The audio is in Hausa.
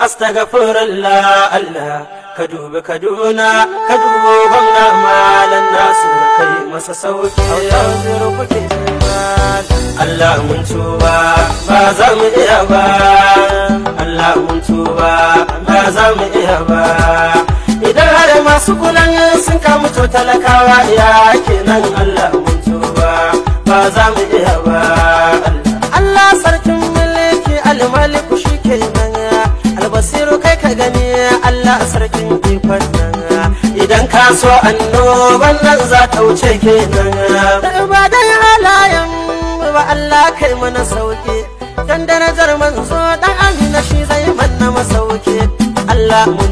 astaghfirullah Allah ka dubi Kaduna ka dubo gwamna malan nasu kai masa sauki yanzu rubuce Allah mun Allah mun ba za mu iya ba idan har masu kulan sun kamu to talakawa ya kenan Allah mun ba za mu iya ba Allah sarkin mulki almaliku ta gani Allah sarkin ikon nan idan ka so annoban nan za ta wuce kenan ba dai halayen ba Allah kai mana sauke kan darajar manzo dan amina shi zai manna masauke Allah